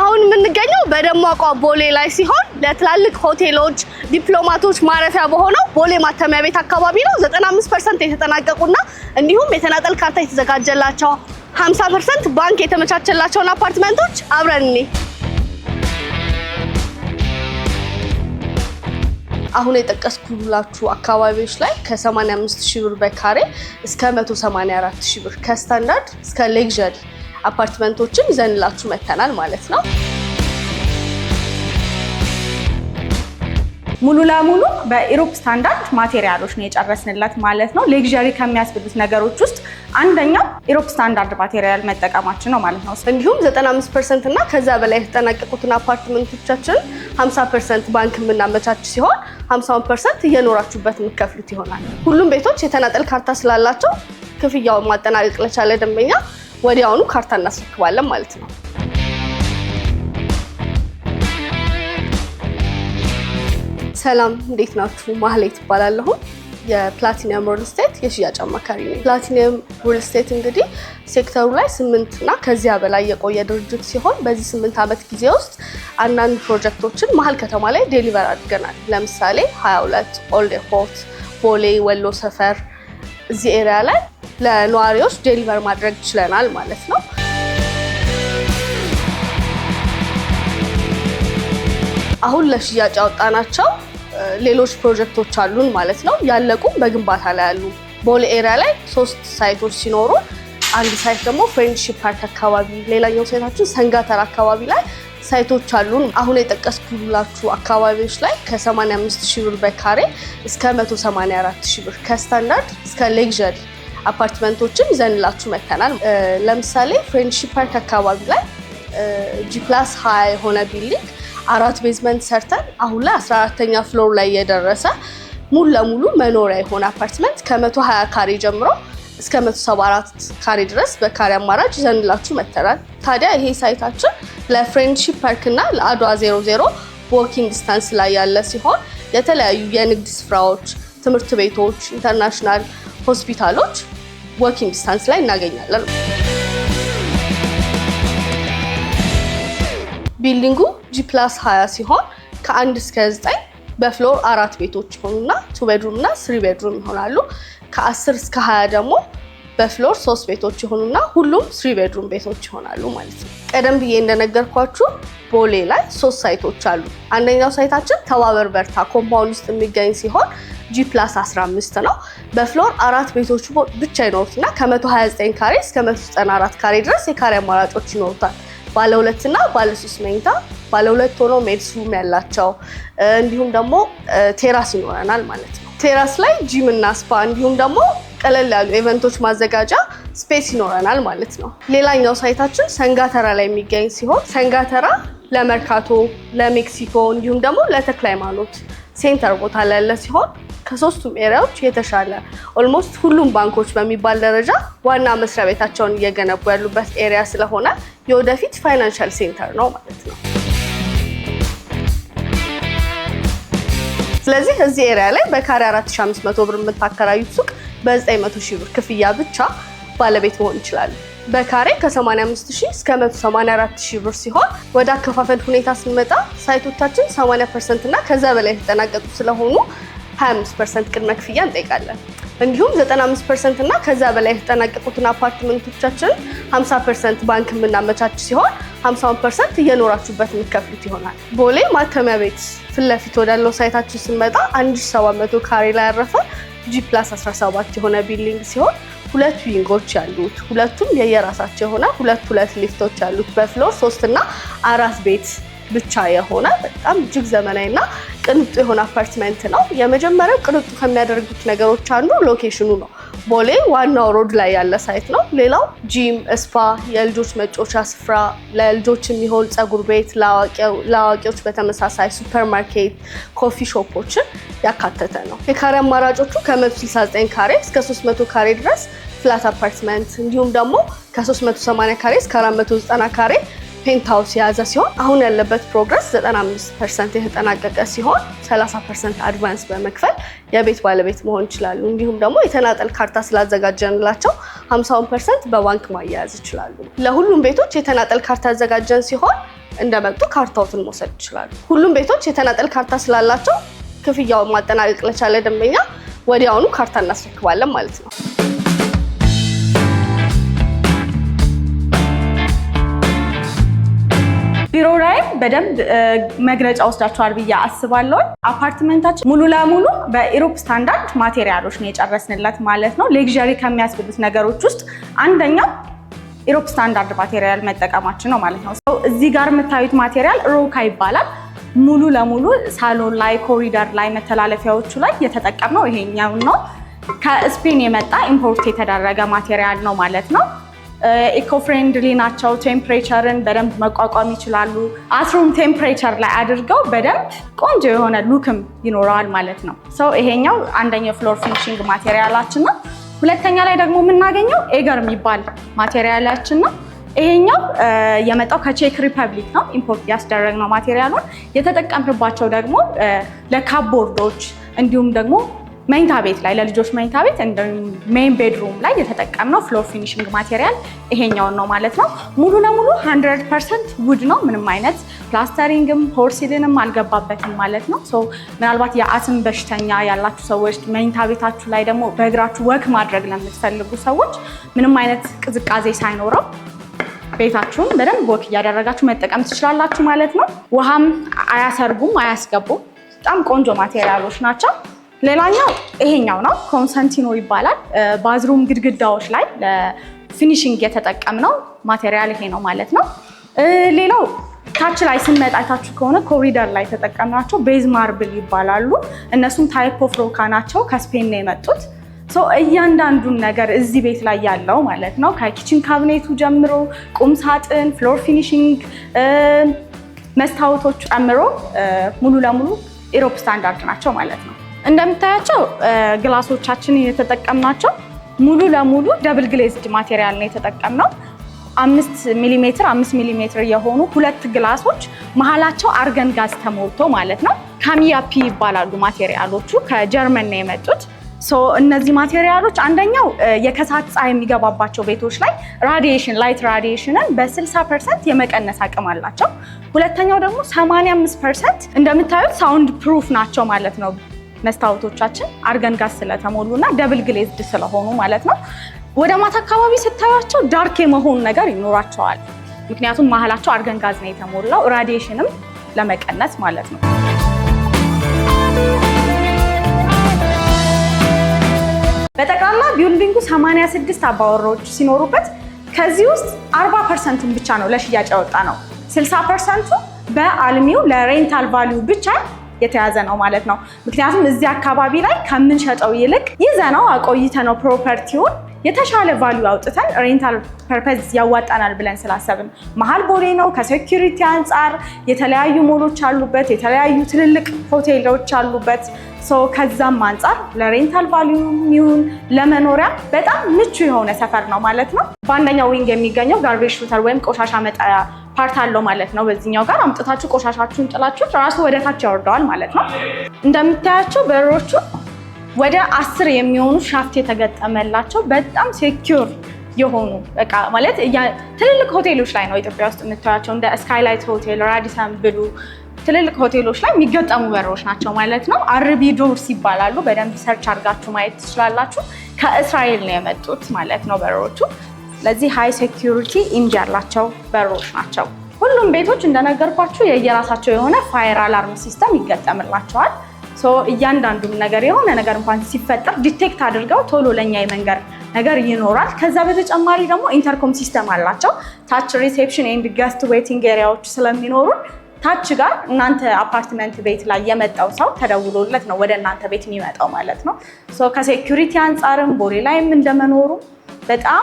አሁን የምንገኘው በደማቋ ቦሌ ላይ ሲሆን ለትላልቅ ሆቴሎች፣ ዲፕሎማቶች ማረፊያ በሆነው ቦሌ ማተሚያ ቤት አካባቢ ነው። 95 ፐርሰንት የተጠናቀቁና እንዲሁም የተናጠል ካርታ የተዘጋጀላቸው 50 ፐርሰንት ባንክ የተመቻቸላቸውን አፓርትመንቶች አብረን አሁን የጠቀስኩላችሁ አካባቢዎች ላይ ከ85 ሺህ ብር በካሬ እስከ 184 ሺህ ብር ከስታንዳርድ እስከ ሌግዣሪ አፓርትመንቶችን ይዘንላችሁ መተናል ማለት ነው። ሙሉ ለሙሉ በኢሮፕ ስታንዳርድ ማቴሪያሎች ነው የጨረስንለት ማለት ነው። ሌግዣሪ ከሚያስብሉት ነገሮች ውስጥ አንደኛው ኢሮፕ ስታንዳርድ ማቴሪያል መጠቀማችን ነው ማለት ነው። እንዲሁም 95 ፐርሰንት እና ከዛ በላይ የተጠናቀቁትን አፓርትመንቶቻችን 50 ፐርሰንት ባንክ የምናመቻች ሲሆን 50 ፐርሰንት እየኖራችሁበት የምከፍሉት ይሆናል። ሁሉም ቤቶች የተናጠል ካርታ ስላላቸው ክፍያውን ማጠናቀቅ ለቻለ ደንበኛ ወዲያውኑ ካርታ እናስረክባለን ማለት ነው። ሰላም እንዴት ናችሁ? ማህሌት ይባላለሁ። የፕላቲኒየም ሪል ስቴት የሽያጭ አማካሪ ነው። ፕላቲኒየም ሪል ስቴት እንግዲህ ሴክተሩ ላይ ስምንት እና ከዚያ በላይ የቆየ ድርጅት ሲሆን በዚህ ስምንት ዓመት ጊዜ ውስጥ አንዳንድ ፕሮጀክቶችን መሀል ከተማ ላይ ዴሊቨር አድርገናል። ለምሳሌ 22 ኦልድ ኤርፖርት፣ ቦሌ፣ ወሎ ሰፈር እዚህ ኤሪያ ላይ ለነዋሪዎች ዴሊቨር ማድረግ ችለናል ማለት ነው። አሁን ለሽያጭ ያወጣናቸው ሌሎች ፕሮጀክቶች አሉን ማለት ነው። ያለቁም በግንባታ ላይ ያሉ ቦሌ ኤሪያ ላይ ሶስት ሳይቶች ሲኖሩ አንድ ሳይት ደግሞ ፍሬንድሺፕ ፓርክ አካባቢ፣ ሌላኛው ሳይታችን ሰንጋተር አካባቢ ላይ ሳይቶች አሉን። አሁን የጠቀስኩላችሁ አካባቢዎች ላይ ከ85 ሺህ ብር በካሬ እስከ 184 ሺህ ብር ከስታንዳርድ እስከ ሌግዠሪ አፓርትመንቶችም ይዘንላችሁ መተናል። ለምሳሌ ፍሬንድሺፕ ፓርክ አካባቢ ላይ ጂ ፕላስ ሀያ የሆነ ቢልዲንግ አራት ቤዝመንት ሰርተን አሁን ላይ አስራ አራተኛ ፍሎር ላይ የደረሰ ሙሉ ለሙሉ መኖሪያ የሆነ አፓርትመንት ከመቶ ሀያ ካሬ ጀምሮ እስከ 174 ካሬ ድረስ በካሬ አማራጭ ይዘንላችሁ መተናል። ታዲያ ይሄ ሳይታችን ለፍሬንድሺፕ ፓርክ እና ለአድዋ 00 በወኪንግ ዲስታንስ ላይ ያለ ሲሆን የተለያዩ የንግድ ስፍራዎች ትምህርት ቤቶች፣ ኢንተርናሽናል ሆስፒታሎች ወኪንግ ዲስታንስ ላይ እናገኛለን። ቢልዲንጉ ጂ ፕላስ 20 ሲሆን ከአንድ እስከ 9 በፍሎር አራት ቤቶች ይሆኑና ቱ ቤድሩም እና ስሪ ቤድሩም ይሆናሉ። ከ10 እስከ 20 ደግሞ በፍሎር ሶስት ቤቶች ይሆኑና ሁሉም ስሪ ቤድሩም ቤቶች ይሆናሉ ማለት ነው። ቀደም ብዬ እንደነገርኳችሁ ቦሌ ላይ ሶስት ሳይቶች አሉ። አንደኛው ሳይታችን ተባበር በርታ ኮምፓውንድ ውስጥ የሚገኝ ሲሆን ጂ ፕላስ 15 ነው። በፍሎር አራት ቤቶች ብቻ ይኖሩትና ከ129 ካሬ እስከ 194 ካሬ ድረስ የካሬ አማራጮች ይኖሩታል። ባለ ሁለት እና ባለ ሶስት መኝታ ባለ ሁለት ሆኖ ሜድሱም ያላቸው እንዲሁም ደግሞ ቴራስ ይኖረናል ማለት ነው። ቴራስ ላይ ጂም እና ስፓ እንዲሁም ደግሞ ቀለል ያሉ ኢቨንቶች ማዘጋጃ ስፔስ ይኖረናል ማለት ነው። ሌላኛው ሳይታችን ሰንጋተራ ላይ የሚገኝ ሲሆን ሰንጋተራ ለመርካቶ፣ ለሜክሲኮ እንዲሁም ደግሞ ለተክለ ሃይማኖት ሴንተር ቦታ ላይ ያለ ሲሆን ከሶስቱም ኤሪያዎች የተሻለ ኦልሞስት ሁሉም ባንኮች በሚባል ደረጃ ዋና መስሪያ ቤታቸውን እየገነቡ ያሉበት ኤሪያ ስለሆነ የወደፊት ፋይናንሻል ሴንተር ነው ማለት ነው። ስለዚህ እዚህ ኤሪያ ላይ በካሬ 4500 ብር የምታከራዩት ሱቅ በ900 ሺህ ብር ክፍያ ብቻ ባለቤት መሆን ይችላሉ። በካሬ ከ 85 እስከ 184000 ብር ሲሆን ወደ አከፋፈል ሁኔታ ስንመጣ ሳይቶቻችን 80% እና ከዛ በላይ የተጠናቀቁ ስለሆኑ 25 ፐርሰንት ቅድመ ክፍያ እንጠይቃለን። እንዲሁም 95 ፐርሰንት እና ከዛ በላይ የተጠናቀቁትን አፓርትመንቶቻችን 50 ፐርሰንት ባንክ የምናመቻች ሲሆን 50 ፐርሰንት እየኖራችሁበት የምትከፍሉት ይሆናል። ቦሌ ማተሚያ ቤት ፊት ለፊት ወዳለው ሳይታችን ስንመጣ 1700 ካሬ ላይ ያረፈ ጂ ፕላስ 17 የሆነ ቢልዲንግ ሲሆን ሁለት ዊንጎች ያሉት ሁለቱም የየራሳቸው የሆነ ሁለት ሁለት ሊፍቶች ያሉት በፍሎር ሶስት እና አራት ቤት ብቻ የሆነ በጣም እጅግ ዘመናዊ እና ቅንጡ የሆነ አፓርትመንት ነው። የመጀመሪያው ቅንጡ ከሚያደርጉት ነገሮች አንዱ ሎኬሽኑ ነው። ቦሌ ዋናው ሮድ ላይ ያለ ሳይት ነው። ሌላው ጂም፣ እስፋ የልጆች መጫወቻ ስፍራ፣ ለልጆች የሚሆን ፀጉር ቤት፣ ለአዋቂዎች በተመሳሳይ ሱፐርማርኬት፣ ኮፊ ሾፖችን ያካተተ ነው። የካሬ አማራጮቹ ከ169 ካሬ እስከ 300 ካሬ ድረስ ፍላት አፓርትመንት እንዲሁም ደግሞ ከ380 ካሬ እስከ 490 ካሬ ፔንት ሃውስ የያዘ ሲሆን አሁን ያለበት ፕሮግረስ 95 ፐርሰንት የተጠናቀቀ ሲሆን 30 ፐርሰንት አድቫንስ በመክፈል የቤት ባለቤት መሆን ይችላሉ። እንዲሁም ደግሞ የተናጠል ካርታ ስላዘጋጀንላቸው 50 ፐርሰንት በባንክ ማያያዝ ይችላሉ። ለሁሉም ቤቶች የተናጠል ካርታ ያዘጋጀን ሲሆን እንደመጡ ካርታዎትን መውሰድ ይችላሉ። ሁሉም ቤቶች የተናጠል ካርታ ስላላቸው ክፍያውን ማጠናቀቅ ለቻለ ደንበኛ ወዲያውኑ ካርታ እናስረክባለን ማለት ነው። በደንብ መግለጫ ወስዳችኋል ብዬ አስባለሁ። አፓርትመንታችን ሙሉ ለሙሉ በኢሮፕ ስታንዳርድ ማቴሪያሎች ነው የጨረስንለት ማለት ነው። ሌግዣሪ ከሚያስብሉት ነገሮች ውስጥ አንደኛው ኢሮፕ ስታንዳርድ ማቴሪያል መጠቀማችን ነው ማለት ነው። ሰው እዚህ ጋር የምታዩት ማቴሪያል ሮካ ይባላል። ሙሉ ለሙሉ ሳሎን ላይ፣ ኮሪደር ላይ፣ መተላለፊያዎቹ ላይ የተጠቀምነው ይሄኛው ነው። ከስፔን የመጣ ኢምፖርት የተደረገ ማቴሪያል ነው ማለት ነው። ኢኮ ፍሬንድሊ ናቸው። ቴምፕሬቸርን በደንብ መቋቋም ይችላሉ። አስሩም ቴምፕሬቸር ላይ አድርገው በደንብ ቆንጆ የሆነ ሉክም ይኖረዋል ማለት ነው። ሰው ይሄኛው አንደኛው ፍሎር ፊኒሽንግ ማቴሪያላችን ነው። ሁለተኛ ላይ ደግሞ የምናገኘው ኤገር የሚባል ማቴሪያላችን ነው። ይሄኛው የመጣው ከቼክ ሪፐብሊክ ነው። ኢምፖርት ያስደረግነው ማቴሪያሉን የተጠቀምንባቸው ደግሞ ለካቦርዶች እንዲሁም ደግሞ መኝታ ቤት ላይ ለልጆች መኝታ ቤት ሜን ቤድሩም ላይ የተጠቀምነው ፍሎር ፊኒሽንግ ማቴሪያል ይሄኛውን ነው ማለት ነው። ሙሉ ለሙሉ 100 ውድ ነው። ምንም አይነት ፕላስተሪንግም ፖርሲልንም አልገባበትም ማለት ነው። ምናልባት የአስም በሽተኛ ያላችሁ ሰዎች መኝታ ቤታችሁ ላይ ደግሞ በእግራችሁ ወክ ማድረግ ለምትፈልጉ ሰዎች ምንም አይነት ቅዝቃዜ ሳይኖረው ቤታችሁን በደንብ ወክ እያደረጋችሁ መጠቀም ትችላላችሁ ማለት ነው። ውሃም አያሰርጉም፣ አያስገቡም። በጣም ቆንጆ ማቴሪያሎች ናቸው። ሌላኛው ይሄኛው ነው፣ ኮንሰንቲኖ ይባላል። ባዝሩም ግድግዳዎች ላይ ለፊኒሽንግ የተጠቀምነው ማቴሪያል ይሄ ነው ማለት ነው። ሌላው ታች ላይ ስንመጣ ታችሁ ከሆነ ኮሪደር ላይ የተጠቀምናቸው ቤዝ ማርብል ይባላሉ። እነሱም ታይፕ ኦፍ ሮካ ናቸው፣ ከስፔን ነው የመጡት። እያንዳንዱን ነገር እዚህ ቤት ላይ ያለው ማለት ነው ከኪችን ካቢኔቱ ጀምሮ ቁም ሳጥን፣ ፍሎር ፊኒሽንግ፣ መስታወቶች ጨምሮ ሙሉ ለሙሉ ኢሮፕ ስታንዳርድ ናቸው ማለት ነው። እንደምታያቸው ግላሶቻችን የተጠቀምናቸው ሙሉ ለሙሉ ደብል ግሌዝድ ማቴሪያል ነው የተጠቀምነው። አምስት ሚሊ ሜትር አምስት ሚሊ ሜትር የሆኑ ሁለት ግላሶች መሀላቸው አርገን ጋዝ ተሞልቶ ማለት ነው። ካሚያፒ ይባላሉ ማቴሪያሎቹ ከጀርመን ነው የመጡት። እነዚህ ማቴሪያሎች አንደኛው የከሳት ፀሐይ የሚገባባቸው ቤቶች ላይ ራዲሽን ላይት ራዲሽንን በ60 ፐርሰንት የመቀነስ አቅም አላቸው። ሁለተኛው ደግሞ 85 ፐርሰንት እንደምታዩት ሳውንድ ፕሩፍ ናቸው ማለት ነው። መስታወቶቻችን አርገን ጋዝ ስለተሞሉ እና ደብል ግሌዝድ ስለሆኑ ማለት ነው ወደ ማታ አካባቢ ስታዩቸው ዳርክ የመሆን ነገር ይኖራቸዋል። ምክንያቱም መሀላቸው አርገን ጋዝ ነው የተሞላው ራዲሽንም ለመቀነስ ማለት ነው። በጠቅላላ ቢልዲንጉ 86 አባወራዎች ሲኖሩበት ከዚህ ውስጥ 40 ፐርሰንቱን ብቻ ነው ለሽያጭ ያወጣ ነው። 60 ፐርሰንቱ በአልሚው ለሬንታል ቫሊዩ ብቻ የተያዘ ነው ማለት ነው። ምክንያቱም እዚህ አካባቢ ላይ ከምንሸጠው ይልቅ ይዘነው አቆይተነው ፕሮፐርቲውን የተሻለ ቫሊዩ አውጥተን ሬንታል ፐርፐዝ ያዋጣናል ብለን ስላሰብን መሀል ቦሌ ነው። ከሴኪሪቲ አንጻር የተለያዩ ሞሎች አሉበት፣ የተለያዩ ትልልቅ ሆቴሎች አሉበት። ከዛም አንጻር ለሬንታል ቫሊዩ የሚሆን ለመኖሪያ በጣም ምቹ የሆነ ሰፈር ነው ማለት ነው። በአንደኛው ዊንግ የሚገኘው ጋርቤጅ ሹተር ወይም ቆሻሻ መጣያ ፓርት አለው ማለት ነው። በዚህኛው ጋር አምጥታችሁ ቆሻሻችሁን ጥላችሁት ራሱ ወደታች ያወርደዋል ማለት ነው። እንደምታያቸው በሮቹ ወደ አስር የሚሆኑ ሻፍት የተገጠመላቸው በጣም ሴኪር የሆኑ በቃ ማለት ትልልቅ ሆቴሎች ላይ ነው ኢትዮጵያ ውስጥ የምታያቸው እንደ ስካይላይት ሆቴል፣ ራዲሰን ብሉ ትልልቅ ሆቴሎች ላይ የሚገጠሙ በሮች ናቸው ማለት ነው። አርቢ ዶርስ ይባላሉ። በደንብ ሰርች አድርጋችሁ ማየት ትችላላችሁ። ከእስራኤል ነው የመጡት ማለት ነው በሮቹ ለዚህ ሃይ ሴኪሪቲ ኢንጅ ያላቸው በሮች ናቸው። ሁሉም ቤቶች እንደነገርኳችሁ የየራሳቸው የሆነ ፋየር አላርም ሲስተም ይገጠምላቸዋል። እያንዳንዱም ነገር የሆነ ነገር እንኳን ሲፈጠር ዲቴክት አድርገው ቶሎ ለኛ የመንገር ነገር ይኖራል። ከዛ በተጨማሪ ደግሞ ኢንተርኮም ሲስተም አላቸው። ታች ሪሴፕሽን ኤንድ ገስት ዌቲንግ ኤሪያዎች ስለሚኖሩን ታች ጋር እናንተ አፓርትመንት ቤት ላይ የመጣው ሰው ተደውሎለት ነው ወደ እናንተ ቤት የሚመጣው ማለት ነው። ከሴኩሪቲ አንጻርም ቦሌ ላይም እንደመኖሩ በጣም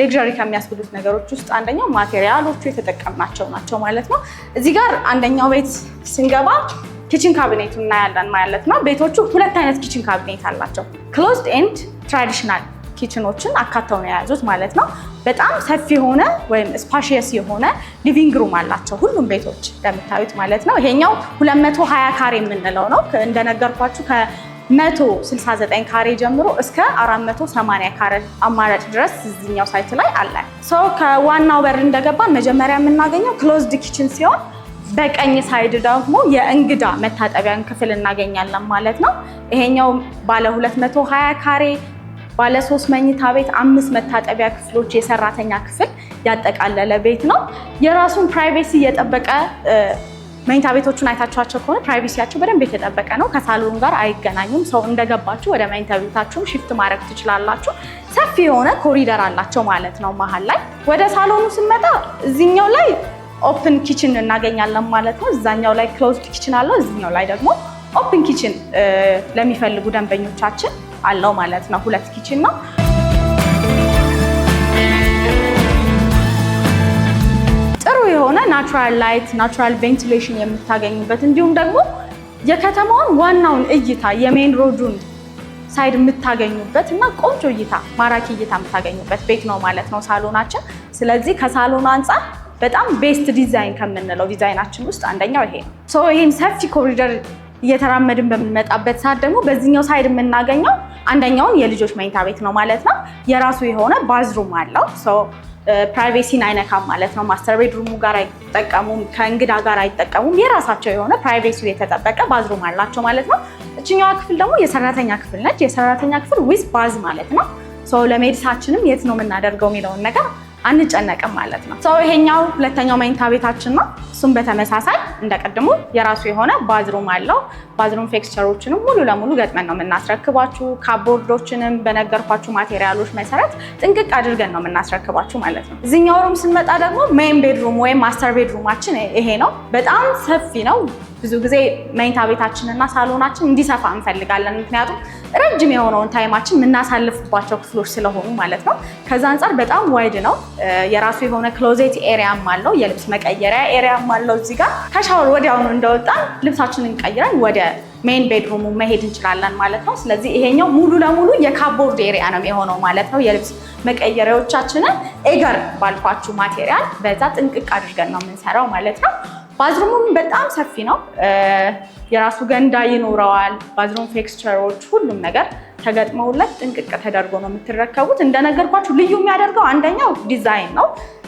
ሌግዣሪ ከሚያስብሉት ነገሮች ውስጥ አንደኛው ማቴሪያሎቹ የተጠቀምናቸው ናቸው ማለት ነው። እዚህ ጋር አንደኛው ቤት ስንገባ ኪችን ካቢኔቱ እናያለን ማለት ነው። ቤቶቹ ሁለት አይነት ኪችን ካቢኔት አላቸው። ክሎዝድ ኤንድ ትራዲሽናል ኪችኖችን አካተው ነው የያዙት ማለት ነው። በጣም ሰፊ የሆነ ወይም ስፓሽየስ የሆነ ሊቪንግ ሩም አላቸው ሁሉም ቤቶች እንደምታዩት ማለት ነው። ይሄኛው 220 ካሬ የምንለው ነው እንደነገርኳችሁ 169 ካሬ ጀምሮ እስከ 480 ካሬ አማራጭ ድረስ እዚኛው ሳይት ላይ አለ። ሰው ከዋናው በር እንደገባ መጀመሪያ የምናገኘው ክሎዝድ ኪችን ሲሆን በቀኝ ሳይድ ደግሞ የእንግዳ መታጠቢያን ክፍል እናገኛለን ማለት ነው። ይሄኛው ባለ 220 ካሬ ባለ ሶስት መኝታ ቤት አምስት መታጠቢያ ክፍሎች የሰራተኛ ክፍል ያጠቃለለ ቤት ነው። የራሱን ፕራይቬሲ የጠበቀ መኝታ ቤቶቹን አይታችኋቸው ከሆነ ፕራይቬሲያቸው በደንብ የተጠበቀ ነው። ከሳሎኑ ጋር አይገናኙም። ሰው እንደገባችሁ ወደ መኝታ ቤታችሁም ሽፍት ማድረግ ትችላላችሁ። ሰፊ የሆነ ኮሪደር አላቸው ማለት ነው። መሀል ላይ ወደ ሳሎኑ ስንመጣ እዚኛው ላይ ኦፕን ኪችን እናገኛለን ማለት ነው። እዛኛው ላይ ክሎዝድ ኪችን አለው፣ እዚኛው ላይ ደግሞ ኦፕን ኪችን ለሚፈልጉ ደንበኞቻችን አለው ማለት ነው። ሁለት ኪችን ነው። የሆነ ናቹራል ላይት ናቹራል ቬንቲሌሽን የምታገኝበት እንዲሁም ደግሞ የከተማውን ዋናውን እይታ የሜን ሮዱን ሳይድ የምታገኙበት እና ቆንጆ እይታ ማራኪ እይታ የምታገኙበት ቤት ነው ማለት ነው ሳሎናችን። ስለዚህ ከሳሎኑ አንጻር በጣም ቤስት ዲዛይን ከምንለው ዲዛይናችን ውስጥ አንደኛው ይሄ ነው። ይህን ሰፊ ኮሪደር እየተራመድን በምንመጣበት ሰዓት ደግሞ በዚህኛው ሳይድ የምናገኘው አንደኛውን የልጆች መኝታ ቤት ነው ማለት ነው። የራሱ የሆነ ባዝሩም አለው። ፕራይቬሲን አይነካም ማለት ነው። ማስተር ቤድሩሙ ጋር አይጠቀሙም፣ ከእንግዳ ጋር አይጠቀሙም። የራሳቸው የሆነ ፕራይቬሲ የተጠበቀ ባዝሩም አላቸው ማለት ነው። እችኛዋ ክፍል ደግሞ የሰራተኛ ክፍል ነች። የሰራተኛ ክፍል ዊዝ ባዝ ማለት ነው። ለሜድሳችንም የት ነው የምናደርገው የሚለውን ነገር አንጨነቅም ማለት ነው። ሰው ይሄኛው ሁለተኛው መኝታ ቤታችን ነው። እሱም በተመሳሳይ እንደቀድሞ የራሱ የሆነ ባዝሩም አለው። ባዝሩም ፌክስቸሮችንም ሙሉ ለሙሉ ገጥመን ነው የምናስረክባችሁ። ካቦርዶችንም በነገርኳችሁ ማቴሪያሎች መሰረት ጥንቅቅ አድርገን ነው የምናስረክባችሁ ማለት ነው። እዚህኛው ሩም ስንመጣ ደግሞ ሜን ቤድሩም ወይም ማስተር ቤድሩማችን ይሄ ነው። በጣም ሰፊ ነው። ብዙ ጊዜ መኝታ ቤታችን እና ሳሎናችን እንዲሰፋ እንፈልጋለን። ምክንያቱም ረጅም የሆነውን ታይማችን የምናሳልፍባቸው ክፍሎች ስለሆኑ ማለት ነው። ከዛ አንጻር በጣም ዋይድ ነው። የራሱ የሆነ ክሎዜት ኤሪያም አለው፣ የልብስ መቀየሪያ ኤሪያም አለው። እዚህ ጋር ከሻወር ወዲያውኑ እንደወጣን ልብሳችንን ቀይረን ወደ ሜን ቤድሩሙ መሄድ እንችላለን ማለት ነው። ስለዚህ ይሄኛው ሙሉ ለሙሉ የካቦርድ ኤሪያ ነው የሆነው ማለት ነው። የልብስ መቀየሪያዎቻችንን ኤገር ባልኳችሁ ማቴሪያል በዛ ጥንቅቅ አድርገን ነው የምንሰራው ማለት ነው። ባዝሩሙም በጣም ሰፊ ነው። የራሱ ገንዳ ይኖረዋል። ባዝሩም ፌክስቸሮች፣ ሁሉም ነገር ተገጥመውለት ጥንቅቅ ተደርጎ ነው የምትረከቡት። እንደነገርኳችሁ ልዩ የሚያደርገው አንደኛው ዲዛይን ነው።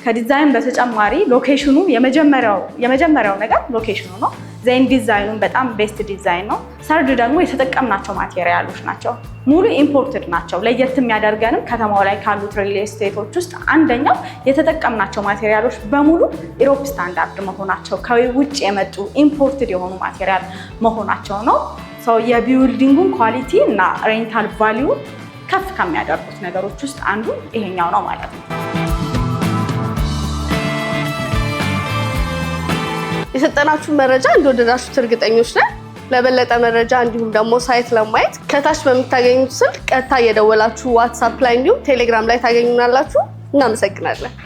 ከዲዛይን በተጨማሪ ሎኬሽኑ የመጀመሪያው ነገር ሎኬሽኑ ነው። ዘይን ዲዛይኑን በጣም ቤስት ዲዛይን ነው። ሰርድ ደግሞ የተጠቀምናቸው ማቴሪያሎች ናቸው። ሙሉ ኢምፖርትድ ናቸው። ለየት የሚያደርገንም ከተማው ላይ ካሉት ሪል ስቴቶች ውስጥ አንደኛው የተጠቀምናቸው ማቴሪያሎች በሙሉ ኢሮፕ ስታንዳርድ መሆናቸው ከውጭ የመጡ ኢምፖርትድ የሆኑ ማቴሪያል መሆናቸው ነው። የቢውልዲንጉን ኳሊቲ እና ሬንታል ቫሊዩ ከፍ ከሚያደርጉት ነገሮች ውስጥ አንዱ ይሄኛው ነው ማለት ነው። የሰጠናችሁ መረጃ እንደወደዳችሁት እርግጠኞች ነን። ለበለጠ መረጃ እንዲሁም ደግሞ ሳይት ለማየት ከታች በምታገኙት ስልክ ቀጥታ እየደወላችሁ ዋትሳፕ ላይ እንዲሁም ቴሌግራም ላይ ታገኙናላችሁ። እናመሰግናለን።